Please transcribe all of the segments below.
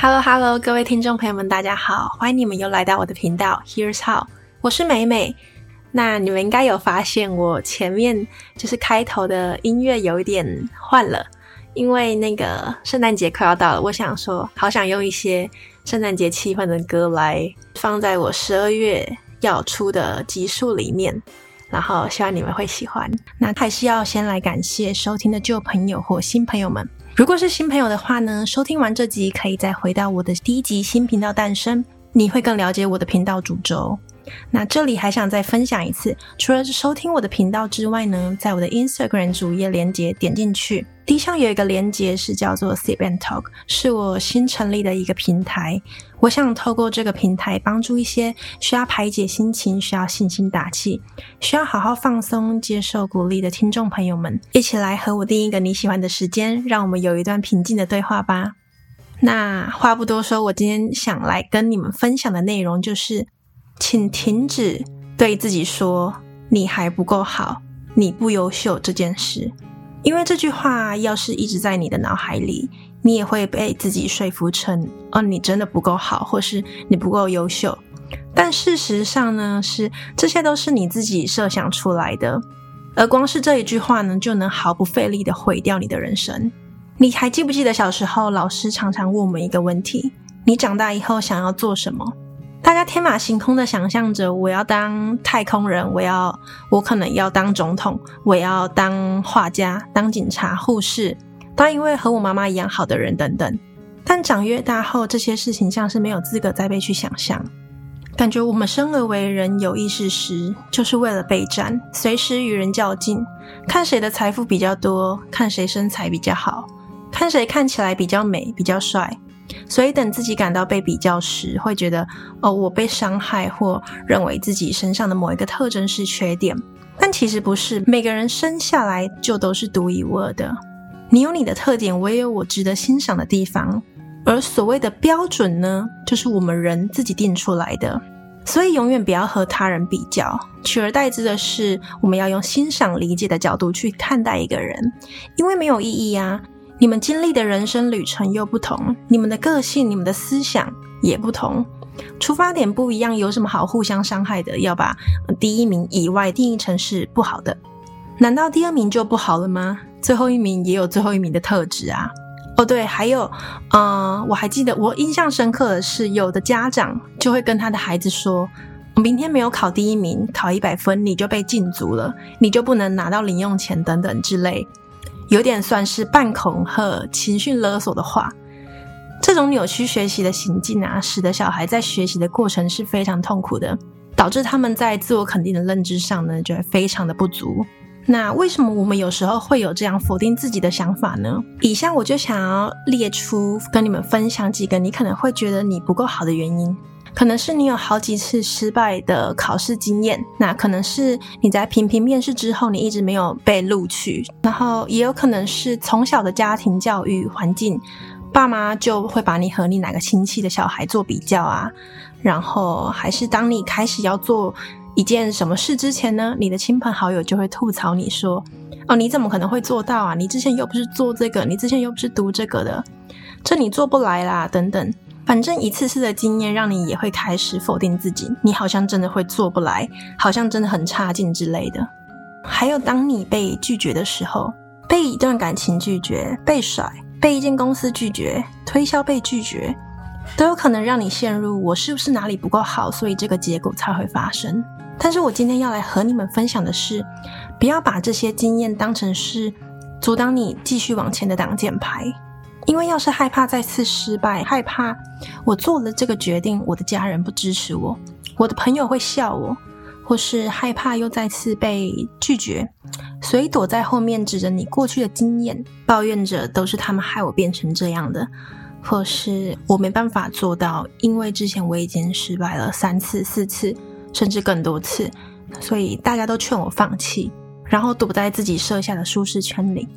Hello Hello，各位聽眾朋友們，大家好，歡迎你們又來到我的頻道。Here's How，我是美美。那你們應該有發現，我前面就是開頭的音樂有一點換了，因為那個聖誕節快要到了，我想說，好想用一些聖誕節氣氛的歌來放在我十二月要出的集數裡面，然後希望你們會喜歡。那還是要先來感謝收聽的舊朋友或新朋友們。如果是新朋友的話呢，收聽完這集可以再回到我的第一集新頻道誕生，你會更了解我的頻道主軸。那這裡還想再分享一次，除了是收聽我的頻道之外呢，在我的 Instagram 主頁連結點進去，底下有一個連結是叫做 Sip and Talk，是我新成立的一個平台。我想透過這個平台，幫助一些需要排解心情、需要信心打氣、需要好好放鬆、接受鼓勵的聽眾朋友們，一起來和我定一個你喜歡的時間，讓我們有一段平靜的對話吧。那話不多說，我今天想來跟你們分享的內容就是，請停止對自己說“你還不夠好，你不優秀”這件事。因為這句話要是一直在你的腦海裡，你也會被自己說服成，哦，你真的不夠好，或是你不夠優秀。但事實上呢，是，這些都是你自己設想出來的，而光是這一句話呢，就能毫不費力的毀掉你的人生。你還記不記得小時候，老師常常問我們一個問題：你長大以後想要做什麼？大家天馬行空的想象着，我要當太空人，我要，我可能要當總統，我要當畫家、當警察、護士，當一位和我媽媽一樣好的人等等。但長越大後，這些事情像是沒有資格再被去想象。感覺我們生而為人有意識時，就是為了備戰，隨時與人較勁，看誰的財富比較多，看誰身材比較好，看誰看起來比較美、比較帥。所以，等自己感到被比較時，會覺得，哦，我被傷害，或認為自己身上的某一個特徵是缺點，但其實不是。每個人生下來就都是獨一無二的，你有你的特點，我也有我值得欣賞的地方。而所謂的標準呢，就是我們人自己定出來的。所以，永遠不要和他人比較，取而代之的是，我們要用欣賞、理解的角度去看待一個人，因為沒有意義啊。你們經歷的人生旅程又不同，你們的個性、你們的思想也不同，出發點不一樣，有什麼好互相傷害的？要把第一名以外定義成是不好的，難道第二名就不好了嗎？最後一名也有最後一名的特質啊。哦，對，還有，嗯、呃，我還記得，我印象深刻的是，有的家長就會跟他的孩子說，明天沒有考第一名，考一百分你就被禁足了，你就不能拿到零用錢等等之類。有點算是半恐嚇、情緒勒索的話，這種扭曲學習的行徑啊，使得小孩在學習的過程是非常痛苦的，導致他們在自我肯定的認知上呢，覺得非常的不足。那為什麼我們有時候會有這樣否定自己的想法呢？以下我就想要列出跟你們分享幾個你可能會覺得你不夠好的原因。可能是你有好幾次失敗的考試經驗，那可能是你在頻頻面試之後你一直沒有被錄取，然後也有可能是從小的家庭教育環境，爸媽就會把你和你哪個親戚的小孩做比較啊，然後還是當你開始要做一件什麼事之前呢，你的親朋好友就會吐槽你說，哦你怎麼可能會做到啊？你之前又不是做這個，你之前又不是讀這個的，這你做不來啦，等等。反正一次次的經驗，讓你也會開始否定自己，你好像真的會做不來，好像真的很差勁之類的。還有，當你被拒絕的時候，被一段感情拒絕，被甩，被一間公司拒絕，推銷被拒絕，都有可能讓你陷入“我是不是哪裡不夠好，所以這個結果才會發生”。但是我今天要來和你們分享的是，不要把這些經驗當成是阻擋你繼續往前的擋箭牌。因為要是害怕再次失敗，害怕我做了這個決定，我的家人不支持我，我的朋友會笑我，或是害怕又再次被拒絕，所以躲在後面指着你過去的經驗，抱怨着都是他們害我變成這樣的，或是我沒辦法做到，因為之前我已經失敗了三次、四次，甚至更多次，所以大家都勸我放棄，然後躲在自己設下的舒適圈裡。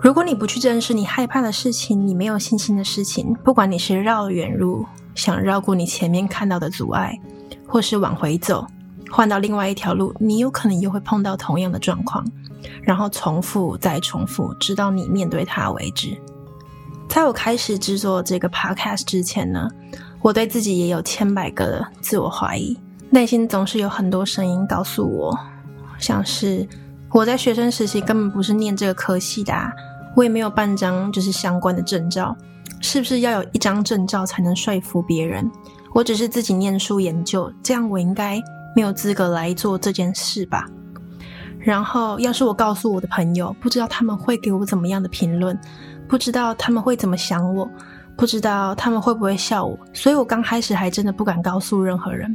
如果你不去正視你害怕的事情，你沒有信心的事情，不管你是繞遠路，想繞過你前面看到的阻礙，或是往回走，換到另外一條路，你有可能又會碰到同樣的狀況，然後重複再重複，直到你面對它為止。在我開始製作這個 podcast 之前呢，我對自己也有千百個自我懷疑，內心總是有很多聲音告訴我，像是……我在學生時期根本不是念這個科系的啊，我也沒有半張就是相關的證照。是不是要有一張證照才能說服別人？我只是自己念書研究，這樣我應該沒有資格來做這件事吧？然後，要是我告訴我的朋友，不知道他們會給我怎麼樣的評論，不知道他們會怎麼想我，不知道他們會不會笑我。所以我剛開始還真的不敢告訴任何人，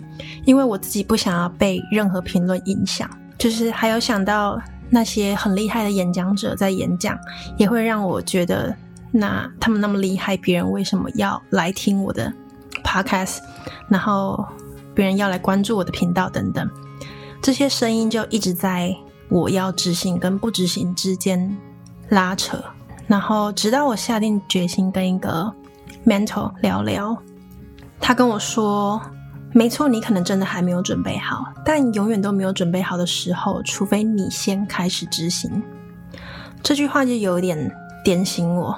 因為我自己不想要被任何評論影響。就是還有想到那些很厲害的演講者在演講，也會讓我覺得，那他們那麼厲害，別人為什麼要來聽我的 podcast？然後別人要來關注我的頻道等等，這些聲音就一直在我要執行跟不執行之間拉扯。然後直到我下定決心跟一個 mentor 聊聊，他跟我說，沒錯，你可能真的還沒有準備好，但永遠都沒有準備好的時候，除非你先開始執行。這句話就有點點醒我。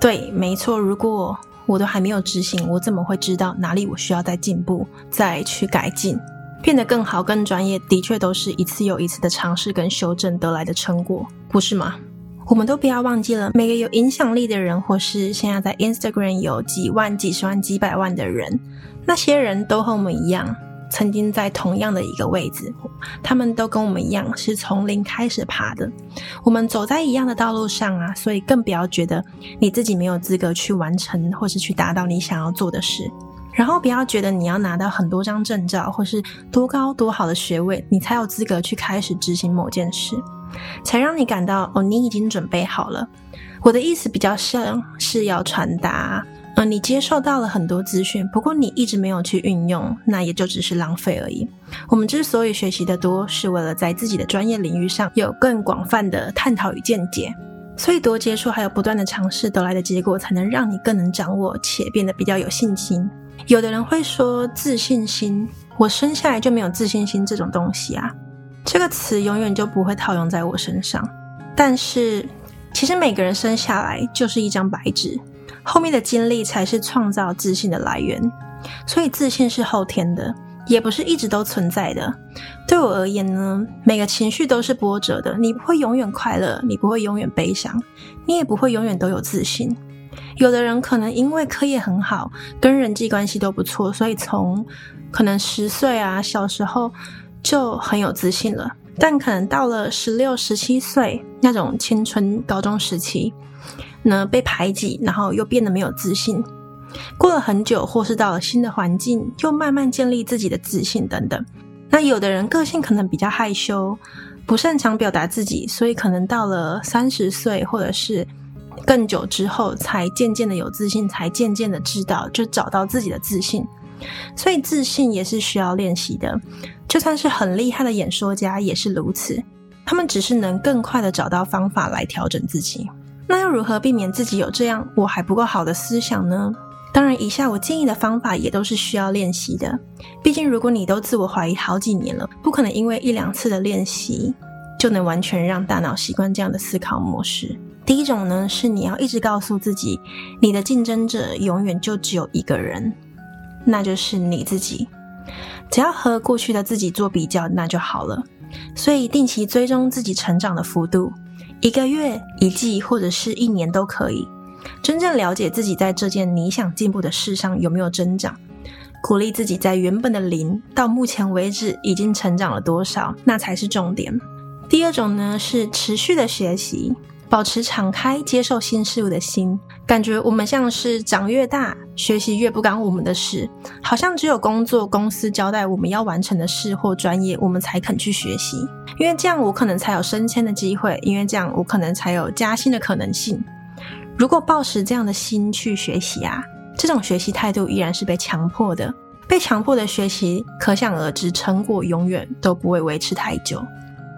對，沒錯，如果我都還沒有執行，我怎麼會知道哪裡我需要再進步、再去改進、變得更好、更專業？的確，都是一次又一次的嘗試跟修正得來的成果，不是嗎？我們都不要忘記了，每個有影響力的人，或是現在在 Instagram 有幾萬、幾十萬、幾百萬的人。那些人都和我們一樣，曾經在同樣的一個位置，他們都跟我們一樣是從零開始爬的。我們走在一樣的道路上啊，所以更不要覺得你自己沒有資格去完成，或是去達到你想要做的事。然後不要覺得你要拿到很多張證照，或是多高多好的學位，你才有資格去開始執行某件事，才讓你感到哦，你已經準備好了。我的意思比較像是要傳達。呃，你接受到了很多資訊，不過你一直沒有去運用，那也就只是浪費而已。我們之所以學習得多，是為了在自己的專業領域上有更廣泛的探討與見解。所以，多接觸還有不斷的嘗試得來的結果，才能讓你更能掌握，且變得比較有信心。有的人會說自信心，我生下來就沒有自信心這種東西啊，這個詞永遠就不會套用在我身上。但是，其實每個人生下來就是一張白紙。後面的經歷才是創造自信的來源，所以自信是後天的，也不是一直都存在的。對我而言呢，每個情緒都是波折的，你不會永遠快樂，你不會永遠悲傷，你也不會永遠都有自信。有的人可能因為課業很好，跟人際關係都不錯，所以從可能十歲啊，小時候就很有自信了。但可能到了十六、十七歲那種青春高中時期呢，被排擠，然後又變得沒有自信。過了很久，或是到了新的環境，又慢慢建立自己的自信等等。那有的人個性可能比較害羞，不擅長表達自己，所以可能到了三十歲或者是更久之後，才漸漸的有自信，才漸漸的知道，就是，找到自己的自信。所以自信也是需要練習的，就算是很厲害的演說家也是如此。他們只是能更快的找到方法來調整自己。那要如何避免自己有這樣“我還不夠好”的思想呢？當然，以下我建議的方法也都是需要練習的。畢竟，如果你都自我懷疑好幾年了，不可能因為一兩次的練習就能完全讓大腦習慣這樣的思考模式。第一種呢，是你要一直告訴自己，你的競爭者永遠就只有一個人。那就是你自己，只要和過去的自己做比較，那就好了。所以定期追蹤自己成長的幅度，一個月、一季或者是一年都可以，真正了解自己在這件你想進步的事上有沒有增長，鼓勵自己在原本的零到目前為止已經成長了多少，那才是重點。第二種呢，是持續的學習。保持敞開、接受新事物的心，感覺我們像是長越大學習越不干我們的事，好像只有工作公司交代我們要完成的事或專業，我們才肯去學習。因為這樣我可能才有升遷的機會，因為這樣我可能才有加薪的可能性。如果抱持這樣的心去學習啊，這種學習態度依然是被強迫的，被強迫的學習，可想而知成果永遠都不會維持太久。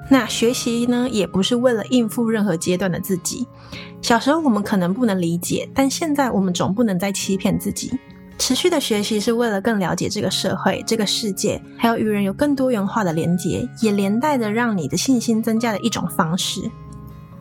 那學習呢，也不是為了應付任何階段的自己。小時候我們可能不能理解，但現在我們總不能再欺騙自己。持續的學習是為了更了解這個社會、這個世界，還有與人有更多元化的連接，也連帶着讓你的信心增加的一種方式。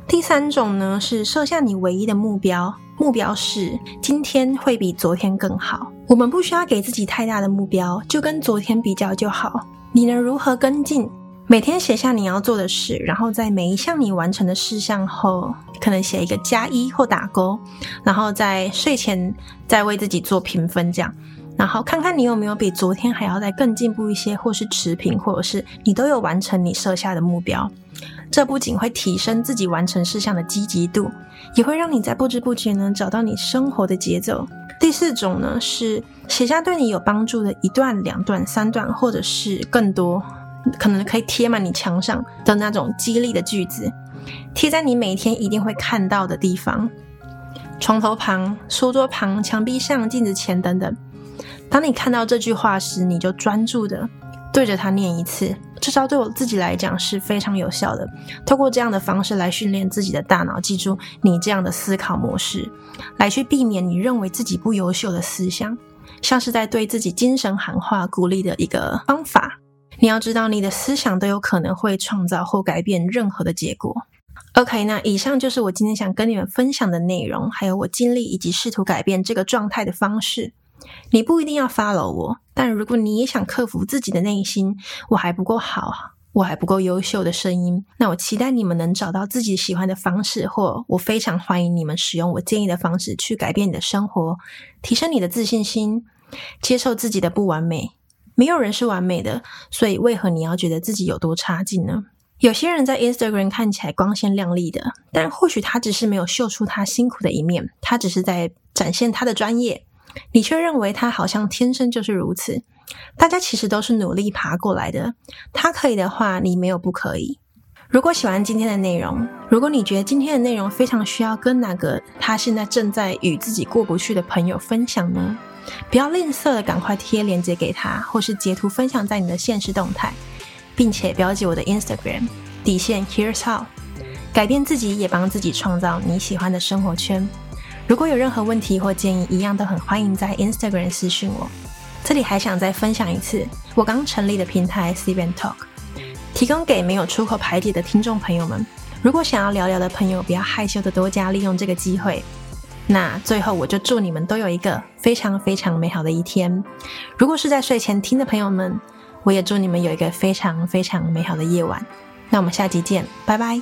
第三種呢，是設下你唯一的目標，目標是今天會比昨天更好。我們不需要給自己太大的目標，就跟昨天比較就好。你能如何跟進？每天寫下你要做的事，然後在每一項你完成的事項後，可能寫一個加一或打勾，然後在睡前再為自己做評分，這樣，然後看看你有沒有比昨天還要再更進步一些，或是持平，或者是你都有完成你設下的目標。這不僅會提升自己完成事項的積極度，也會讓你在不知不覺呢，找到你生活的節奏。第四種呢，是寫下對你有幫助的一段、兩段、三段，或者是更多。可能可以貼滿你牆上的那種激勵的句子，貼在你每天一定會看到的地方，床頭旁、書桌旁、牆壁上、鏡子前等等。當你看到這句話時，你就專注的對着它念一次。至少對我自己來講是非常有效的。透過這樣的方式來訓練自己的大腦，記住你這樣的思考模式，來去避免你認為自己不優秀的思想，像是在對自己精神喊話、鼓勵的一個方法。你要知道，你的思想都有可能會創造或改變任何的結果。OK，那以上就是我今天想跟你們分享的內容，還有我經歷以及試圖改變這個狀態的方式。你不一定要 follow 我，但如果你也想克服自己的內心“我還不夠好，我還不夠優秀”的聲音，那我期待你們能找到自己喜歡的方式，或我非常歡迎你們使用我建議的方式去改變你的生活，提升你的自信心，接受自己的不完美。沒有人是完美的，所以為何你要覺得自己有多差勁呢？有些人在 Instagram 看起來光鮮亮麗的，但或許他只是沒有秀出他辛苦的一面，他只是在展現他的專業，你卻認為他好像天生就是如此。大家其實都是努力爬過來的，他可以的話，你沒有不可以。如果喜歡今天的內容，如果你覺得今天的內容非常需要跟哪個他現在正在與自己過不去的朋友分享呢？不要吝嗇的趕快貼鏈接給他，或是截圖分享在你的限時動態，並且標記我的 Instagram 底線 Here's How 改變自己，也幫自己創造你喜歡的生活圈。如果有任何問題或建議，一樣都很歡迎在 Instagram 私訊我。這裡還想再分享一次，我剛成立的平台 Sip & Talk，提供給沒有出口排解的聽眾朋友們。如果想要聊聊的朋友，不要害羞的多加利用這個機會。那最後，我就祝你們都有一個非常非常美好的一天。如果是在睡前聽的朋友們，我也祝你們有一個非常非常美好的夜晚。那我們下集見，拜拜。